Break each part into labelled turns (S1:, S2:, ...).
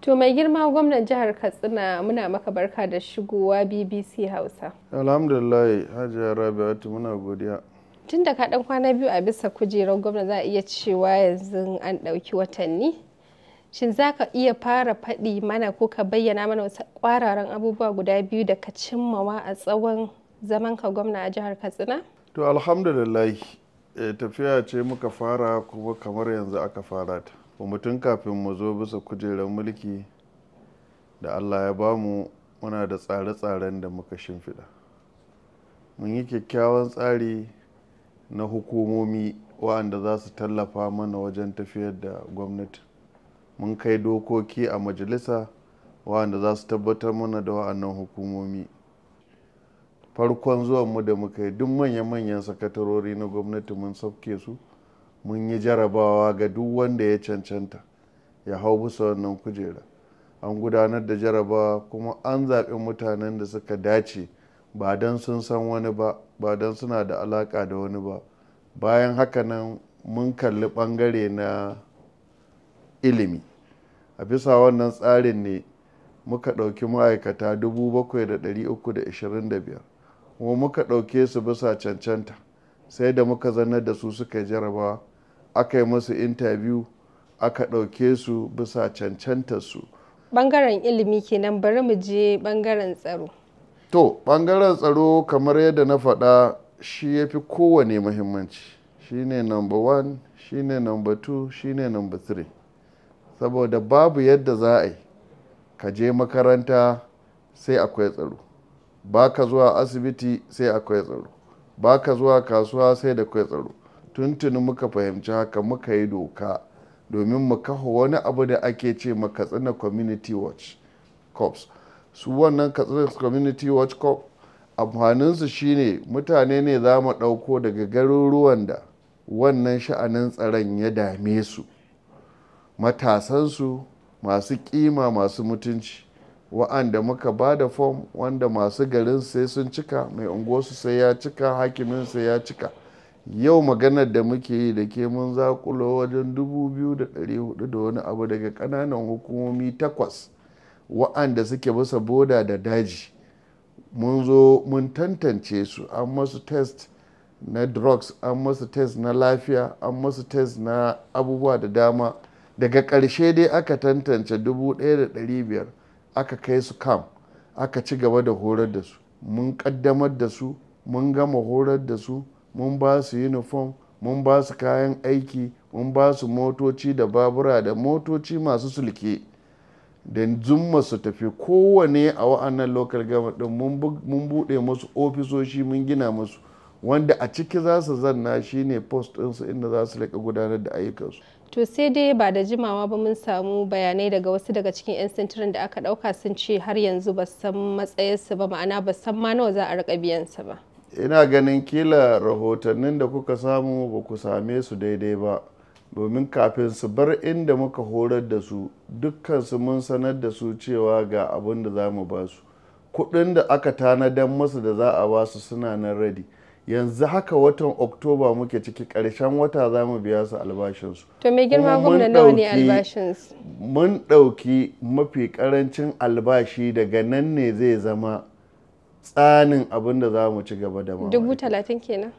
S1: To mai girma gwamnan jihar Katsina muna maka barka da shigowa BBC Hausa.
S2: Alhamdulillah Hajiya Rabi'atu muna godiya.
S1: Tun da kaɗan kwana biyu a bisa kujerar gwamna za a iya cewa yanzu an ɗauki watanni. Shin za ka iya fara faɗi mana ko ka bayyana mana wasu ƙwararan abubuwa guda biyu da ka cimmawa a tsawon zaman ka gwamna a jihar Katsina?
S2: To alhamdulillah eh, tafiya ce muka fara kuma kamar yanzu aka fara ta. kuma tun kafin mu zo bisa kujerar mulki da allah ya bamu muna da tsare-tsaren da muka shimfiɗa mun yi kyakkyawan tsari na hukumomi waɗanda za su tallafa mana wajen tafiyar da gwamnati mun kai dokoki a majalisa waɗanda za su tabbatar mana da wa'annan hukumomi farkon zuwanmu da muka yi duk manya-manyan sakatarori na gwamnati mun sauke su mun yi jarabawa ga duk wanda ya cancanta ya hau bisa wannan kujera an gudanar da jarabawa kuma an zaɓi mutanen da suka dace ba don sun san wani ba ba don suna da alaƙa da wani ba bayan haka nan mun kalli ɓangare na ilimi a bisa wannan tsarin ne muka ɗauki ma'aikata 7,325 kuma muka ɗauke su bisa cancanta sai da muka zanar da su suka jarabawa aka yi musu intabiyu aka ɗauke su bisa cancanta su
S1: bangaren ilimi kenan bari mu je bangaren tsaro
S2: to bangaren tsaro kamar yadda na faɗa shi ya fi kowane muhimmanci ne number one ne number two ne number three saboda babu yadda za a yi ka je makaranta sai akwai tsaro ba ka zuwa asibiti sai akwai tsaro ba ka zuwa kasuwa sai da kwai tsaro tuntuni muka fahimci haka muka yi doka domin mu kafa wani abu da ake ce ma katsina community watch corps su wannan katsina community watch corps amfaninsu shine mutane ne za mu ɗauko daga garuruwan da wannan sha'anin tsaron ya dame su matasansu masu kima masu mutunci wa'anda muka ba da fom wanda masu garin sai sun cika mai unguwarsu sai ya cika hakimin sai ya cika yau maganar da muke yi da ke mun zakulo wajen 2,400 da wani abu daga kananan hukumomi takwas wa'anda suke bisa boda da daji mun zo mun tantance su an masu test na drugs an masu test na lafiya an masu test na abubuwa da dama daga ƙarshe dai aka tantance 1,500 aka kai su kam aka ci gaba da horar da su mun ƙaddamar da su mun gama horar da su mun ba su uniform mun ba su kayan aiki mun ba su motoci da babura da motoci masu sulke da zumma su tafi kowane a wa'annan local government mun buɗe musu ofisoshi mun gina musu wanda a ciki za su zanna shi shine post ɗinsu inda za su laƙa gudanar da ayyukansu
S1: to sai dai ba da jimawa ba mun samu bayanai daga wasu daga cikin 'yan sintirin da aka ɗauka sun ce har yanzu ba san matsayinsu ba ma'ana ba san ma nawa za a rika biyansa ba
S2: ina ganin kila rahotannin da kuka samu ba ku same su daidai ba domin kafin su bar inda muka horar da su su mun sanar da su cewa ga abin da za mu ba su kudin da aka tanadan masu da za a ba su suna nan radi yanzu haka watan oktoba muke ciki karshen wata za mu biya su albashinsu to mai girma gwamna nawa ne albashinsu mun ɗauki mafi ƙarancin albashi daga nan ne zai zama tsanin abin da za mu ci gaba da mamaki
S1: dubu talatin kenan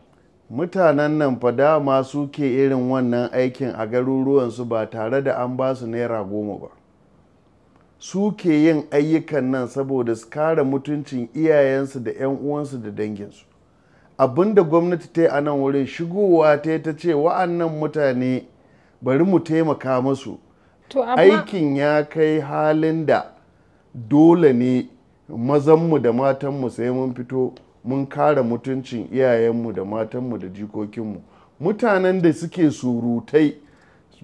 S2: mutanen nan fa dama suke irin wannan aikin a garuruwansu ba tare da an ba su naira goma ba suke yin ayyukan nan saboda su kare mutuncin iyayensu da 'yan uwansu da danginsu abin da gwamnati ta yi a nan wurin shigowa ta ta ce wa'annan mutane bari mu taimaka masu aikin ya kai halin da dole ne mazanmu da matanmu sai mun fito mun kare mutuncin iyayenmu da matanmu da jikokinmu mutanen da suke surutai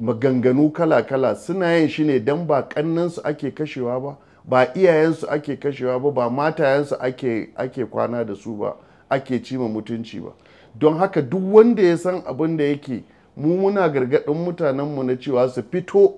S2: maganganu kala-kala suna yin shi ne don ba kannansu ake kashewa ba ba iyayensu ake kashewa ba ba matayensu ake, kwana da su ba ake cima mutunci ba don haka duk wanda ya san abin da yake mu muna gargaɗin mutanenmu na cewa su fito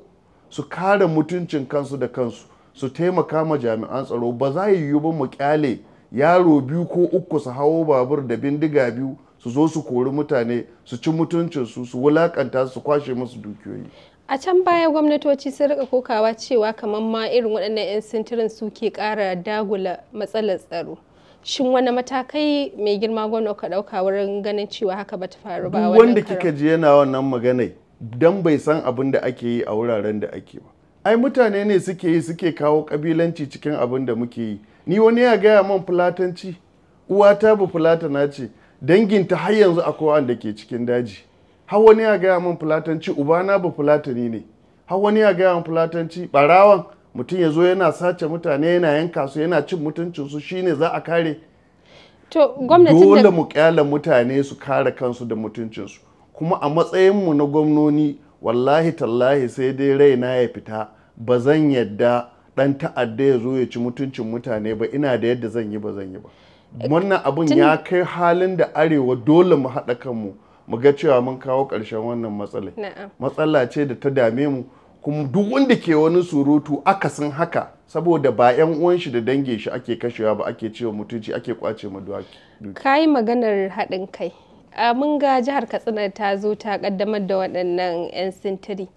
S2: su kare mutuncin kansu da kansu su taimaka ma jami'an tsaro ba za yi yiwu ba mu kyale yaro biyu ko uku su hawo babur da bindiga biyu su zo su kori mutane su ci mutuncinsu su wulakanta su kwashe musu dukiyoyi
S1: a can baya gwamnatoci sun rika kokawa cewa kamar ma irin waɗannan 'yan sintirin su ke kara dagula matsalar tsaro shin wani matakai mai girma gwamna ka ɗauka wurin ganin cewa haka ba ta faru ba wanda kika
S2: ji yana wannan magana dan bai san abin da ake yi a wuraren da ake ba ai mutane ne suke yi suke kawo kabilanci cikin abin da muke yi ni wani ya gaya man fulatanci uwata bu fulatana ce danginta har yanzu akwai da ke cikin daji har wani ya gaya man fulatanci ubana bu fulatani ne har wani ya gaya man fulatanci barawan mutum ya zo yana sace mutane yana yanka su yana cin mutuncinsu shine za a kare
S1: To dole mu
S2: ƙyale mutane su kare kansu da mutuncinsu kuma a matsayin mu na gwamnoni wallahi tallahi sai dai raina ya fita ba zan yadda dan ta'adda ya zo ya ci mutuncin mutane ba ina da yadda zan yi ba zan yi ba wannan abun ya kai halin da arewa dole mu haɗa kanmu mu ga cewa mun kawo ƙarshen wannan matsala matsala ce da ta dame mu kuma duk wanda ke wani surutu aka sun haka saboda ba 'yan uwan shi da dange shi ake kashewa ba ake cewa mutunci ake kwace ma duwaki
S1: kayi maganar haɗin kai a mun ga jihar katsina ta zo ta kaddamar da waɗannan 'yan sintiri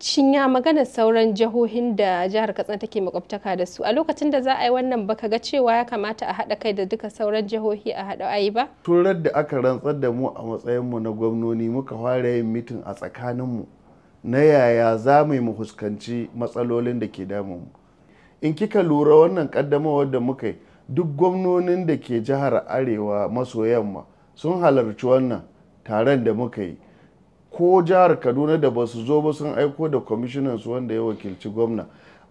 S1: shin ya magana sauran jihohin da jihar katsina take makwabtaka da su a lokacin da za a yi wannan baka ga cewa ya kamata a haɗa kai da duka sauran jihohi a haɗa ayi ba
S2: turar da aka rantsar da mu a matsayinmu na gwamnoni muka fara yin mitin a tsakaninmu na yaya za mu mu fuskanci matsalolin da ke damun in kika lura wannan kaddamawar da muka yi duk gwamnonin da ke jihar arewa maso yamma sun halarci wannan taron da muka yi ko jihar kaduna da ba su zo ba sun aiko da kwamishinan su wanda ya wakilci gwamna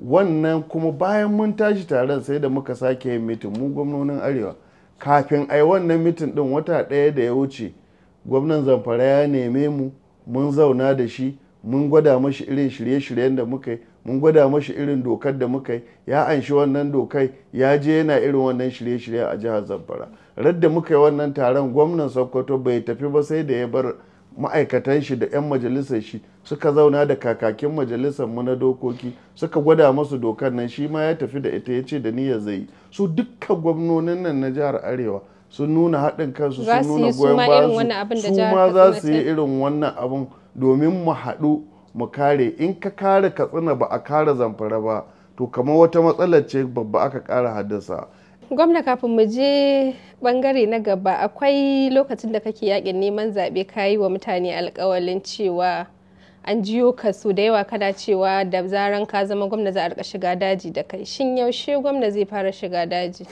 S2: wannan kuma bayan mun tashi taron sai da muka sake yin mitin mu gwamnonin arewa kafin ai wannan mitin din wata ɗaya da ya wuce gwamnan zamfara ya neme mu mun zauna da shi mun gwada mashi irin shirye-shiryen da muka yi mun gwada mashi irin dokar da muka yi ya anshi wannan dokai ya je yana irin wannan shirye-shirye a jihar zamfara radda muka yi wannan taron gwamnan sokoto bai tafi ba sai da ya bar ma'aikatan shi da 'yan majalisar shi suka zauna da kakakin majalisar mu na dokoki suka gwada masu dokar nan shi ma ya tafi da ita ya ce da niyyar zai su dukkan gwamnonin nan na jihar arewa sun nuna haɗin kansu sun nuna goyon bayan su ma za su yi irin wannan abin domin mu haɗu mu kare in ka kare katsina ba a kare zamfara ba to kamar wata matsalar ce babba aka kara haddasa
S1: gwamna kafin mu je bangare na gaba akwai lokacin da kake yakin neman zaɓe ka yi wa mutane alkawalin cewa an jiyo ka so da yawa kana cewa da zaran ka zama gwamna za a rika shiga daji da kai shin yaushe gwamna zai fara shiga daji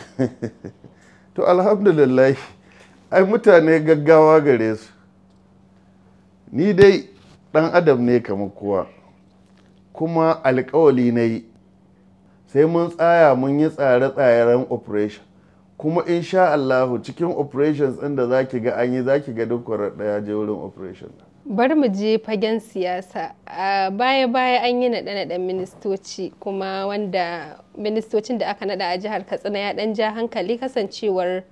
S2: to alhamdulillah ai mutane gaggawa gare su ni dai ɗan adam ne kamar kowa kuma alkawali na yi sai mun tsaya mun yi tsare-tsaren operation kuma insha Allahu cikin operations inda za ki ga an yi ki ga duk ɗaya je wurin operation
S1: bari mu je fagen siyasa a baya-baya an yi naɗe-naɗen ministoci kuma wanda ministocin da aka naɗa a jihar katsina ya ɗan ja hankali kasancewar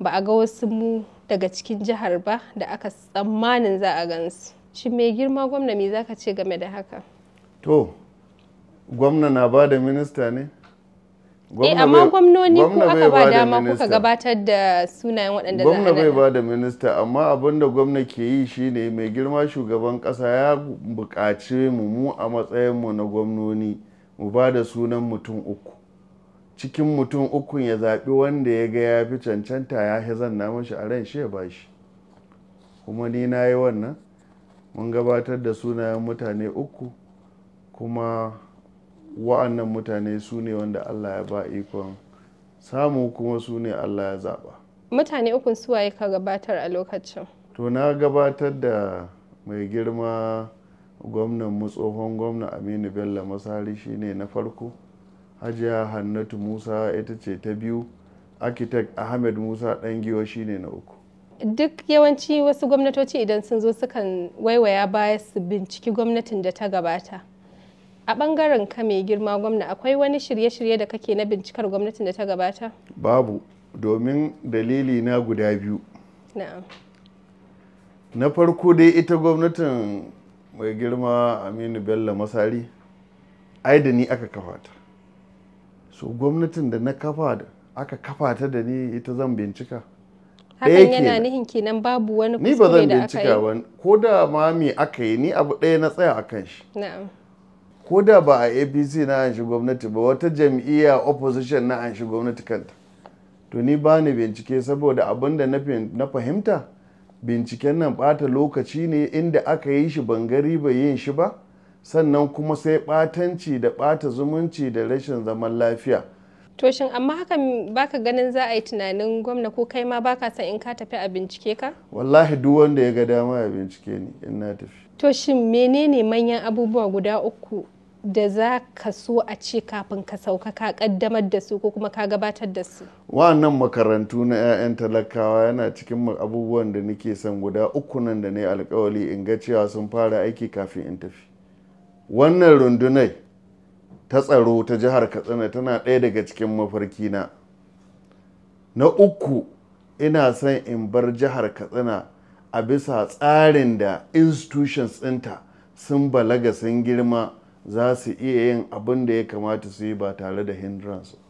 S1: ba a ga wasu mu daga cikin jihar ba da aka tsammanin za a gansu shi mai girma gwamna me zaka ce game da haka
S2: to gwamna na ba da minista ne eh amma gwamnoni ko aka ba dama kuka
S1: gabatar da sunayen waɗanda za gwamna bai ba
S2: da minista amma abin da gwamna ke yi shine mai girma shugaban ƙasa ya buƙaci mu mu a mu na gwamnoni mu ba da sunan mutum uku cikin mutum ukun ya zaɓi wanda ya ga ya fi cancanta ya zanna mashi a ran shi ya ba shi kuma ni na yi wannan mun gabatar da sunayen mutane uku kuma wa'annan mutane su ne wanda allah ya ba ikon samu kuma su ne allah ya zaba
S1: mutane ukun suwaye ka gabatar a lokacin
S2: to na gabatar da mai girma gwamnan mu tsohon gwamna aminu bello masari shine na farko hajiya hannatu musa ita ce ta biyu architect ahmed musa ɗangiwa shine na uku
S1: duk yawanci wasu gwamnatoci idan sun zo sukan waiwaya baya su binciki gwamnatin da ta gabata a bangaren ka mai girma gwamna akwai wani shirye-shirye da kake na bincikar gwamnatin da ta gabata
S2: babu domin dalili na guda biyu na farko dai ita gwamnatin mai girma aminu bello masari ai da ni aka kafa ta so gwamnatin da na kafa aka kafa ta da ni ita zan bincika hakan yana
S1: nihin kenan babu wani kuskure da aka yi ni ba zan
S2: bincika ko da ma me aka yi ni abu ɗaya na tsaya akan shi ko da ba a apc na anshi gwamnati ba wata jam'iyya opposition na anshi gwamnati kanta to ni ba ni bincike saboda abin da na fahimta binciken nan bata lokaci ne inda aka yi shi bangari bai yin shi ba sannan kuma sai batanci da bata zumunci da rashin zaman lafiya
S1: toshin shin amma hakan baka ganin za a yi tunanin gwamna ko kai ma baka san in ka tafi a bincike ka
S2: wallahi duk wanda ya ga dama ya bincike ni in na tafi
S1: to shin menene manyan abubuwa guda uku da za ka so a ce kafin ka sauka ka kaddamar da su ko kuma ka gabatar da su
S2: wannan makarantu na 'ya'yan talakawa yana cikin abubuwan da nake son guda uku nan da na yi alkawali in ga cewa sun fara aiki kafin in tafi wannan rundunai ta tsaro ta jihar katsina tana ɗaya daga cikin mafarkina na uku ina son in bar jihar katsina a bisa tsarin da institutions ɗinta sun balaga sun girma za su iya yin abin da ya kamata su yi ba tare da hindrance